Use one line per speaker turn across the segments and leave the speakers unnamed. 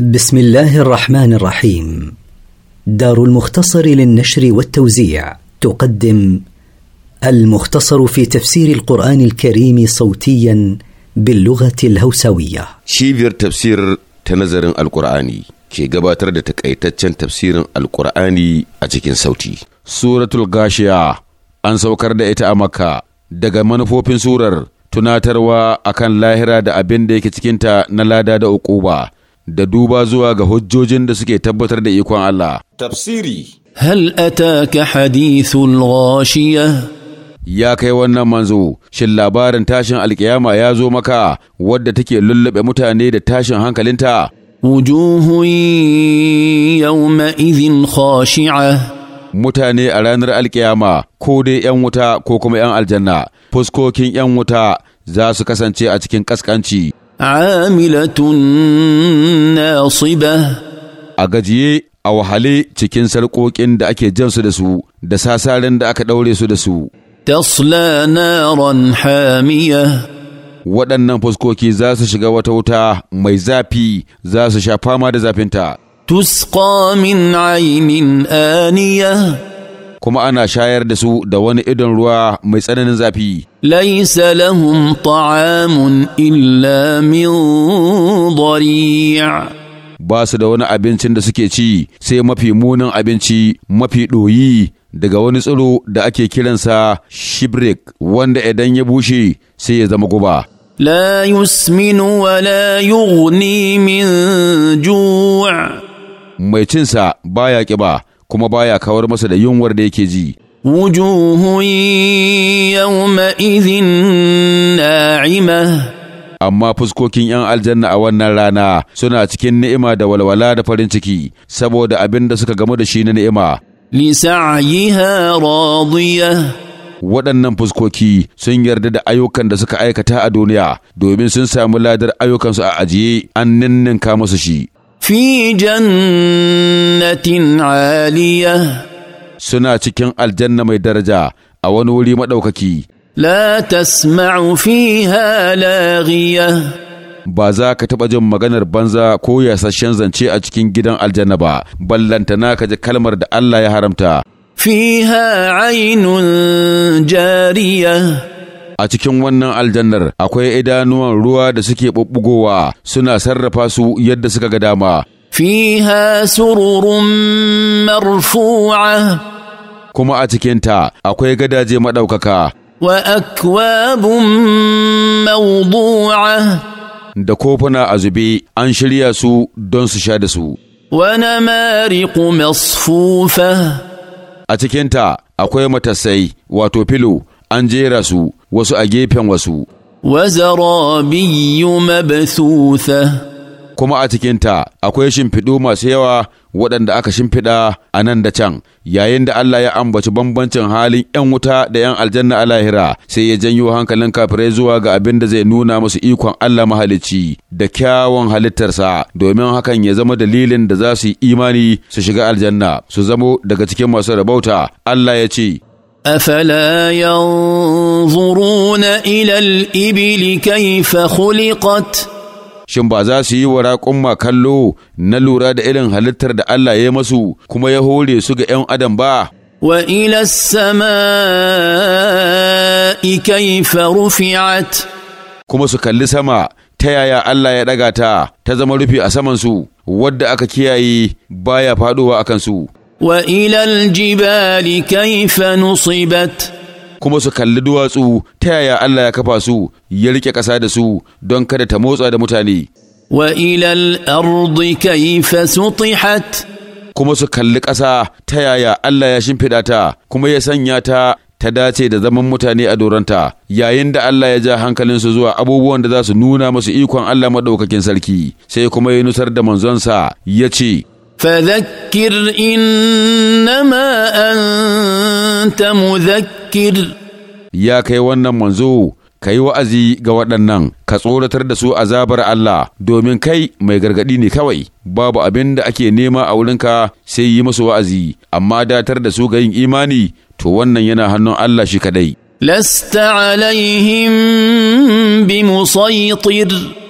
بسم الله الرحمن الرحيم دار المختصر للنشر والتوزيع تقدم المختصر في تفسير القرآن الكريم صوتيا باللغة الهوسوية
شيفير تفسير تنظر القرآني كي قباتر تكأيتتشن تفسير القرآني أتكين صوتي سورة الغاشية أن سوكر دائتا أمكا daga manufofin surar tunatarwa akan lahira da abin da yake دا na lada da ukuba da duba zuwa ga hujjojin da suke tabbatar da ikon Allah.
Tafsiri Hal ataka
hadithul ghashiya Ya kai wannan manzo, shin labarin tashin alkiyama ya zo maka wadda take lullube mutane da tashin hankalinta?
Wujuhun yawma izin khashi'a
Mutane a ranar alkiyama ko dai ‘yan wuta ko kuma ‘yan aljanna, fuskokin ‘yan wuta za su kasance a cikin ƙasƙanci.
عاملة nasiba.
a gajiye a wahale cikin sarƙoƙin da ake jansu da su da sasaren da aka ɗaure su da su.
Tasla naran hamiya
Waɗannan fuskoki za su shiga wata wuta mai zafi za su sha fama da zafinta. Tusqa
min ainin aniya kuma
ana shayar da su da wani idon ruwa mai tsananin zafi.
Laisa lahum ta'amun illa min
Ba su da wani abincin da suke ci sai mafi munin abinci mafi ɗoyi daga wani tsiro da ake kiransa shibrik wanda idan ya bushe sai ya zama guba.
La yusminu wa la يغني min
ju'a. mai cinsa baya ƙiba kuma baya kawar masa da yunwar da yake ji
wujuhu
na'ima amma fuskokin 'yan aljanna a wannan rana suna cikin ni'ima da walwala da farin ciki saboda abin da suka gamu da shi na ni'ima lisa'yiha waɗannan fuskoki sun yarda da ayyukan da suka aikata a duniya domin sun samu ladar ayyukansu a ajiye an ninninka musu shi
في جنة عالية Suna
cikin aljanna mai daraja a wani wuri maɗaukaki.
La tasma'u
fiha laghiya Ba za ka taɓa jin maganar banza ko yasashen zance a cikin gidan aljanna ba, ballanta na ka ji kalmar da Allah ya haramta.
Fiha ainun jariya a cikin wannan
aljannar akwai idanuwan ruwa da suke ɓuɓɓugowa suna sarrafa su yadda suka ga dama
fiha sururun marfu'a
kuma a cikinta akwai gadaje maɗaukaka
wa akwabun mawdu'a
da kofuna a zube an shirya su don su sha da su.
Wane mariƙu masfufa A
cikinta akwai matasai, wato filo, an jera su wasu a gefen wasu.
Wazarabiyyu mabthutha kuma a cikinta
akwai shimfiɗu masu yawa waɗanda aka shimfiɗa a nan da can yayin da Allah ya ambaci bambancin halin 'yan wuta da 'yan aljanna a lahira sai ya janyo hankalin kafirai zuwa ga abin da zai nuna musu ikon Allah mahalicci da kyawun halittarsa domin hakan ya zama dalilin da za su yi imani su shiga aljanna su zamo daga cikin masu rabauta Allah ya ce
افلا ينظرون الى
الابل كيف خلقت shin ba za su yi wa raƙumma kallo na lura da irin halittar da Allah ya masu kuma ya hore su ga 'yan adam ba
wa ila sama'i kaifa rufi'at
kuma su kalli sama ta yaya Allah ya ɗaga ta ta zama rufi a samansu wadda aka kiyaye baya faɗowa a kansu
وإلى الجبال كيف نصبت kuma su kalli duwatsu ta yaya Allah ya kafa su
ya rike ƙasa da su don kada ta motsa da mutane.
Wa ilal ardi
kayfa sutihat kuma su kalli ƙasa ta yaya Allah ya shimfiɗa ta kuma ya sanya ta ta dace da zaman mutane a doranta yayin da Allah ya ja su zuwa abubuwan da za su nuna musu ikon Allah maɗaukakin sarki sai kuma ya nusar da manzonsa ya ce
فذكر إنما أنت مذكر
يا كي wannan
manzo ka yi
wa'azi ga waɗannan ka tsoratar da su azabar Allah domin kai mai gargaɗi ne kawai babu abin da ake nema a wurinka sai yi musu wa'azi amma datar da su ga yin imani to wannan yana hannun Allah shi kadai
lasta alaihim
bi musaitir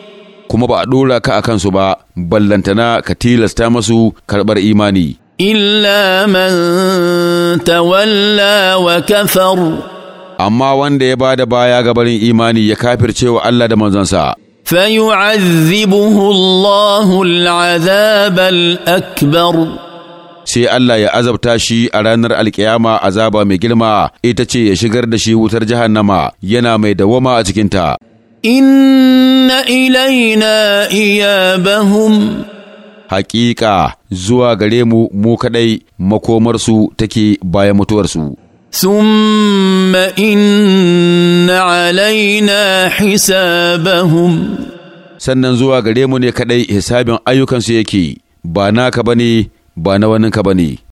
kuma ba a ɗora ka a kansu ba ballantana ka tilasta masu karɓar imani
إلا من
تولى وكفر أما وند يباد بايا قبل إيماني يكافر شيء ألا دمزنسا
فيعذبه الله العذاب الأكبر
sai Allah ya azabta shi a ranar alkiyama azaba mai girma ita ce ya shigar da shi wutar jahannama yana mai dawama a cikinta.
inna ilaina iya bahum.
haƙiƙa zuwa gare mu mu kaɗai makomarsu take bayan mutuwarsu.
Summa inna alaina
hisabahum Sannan zuwa gare mu ne kaɗai hisabin ayyukansu yake, ba naka ba ne, ba na waninka ba ne.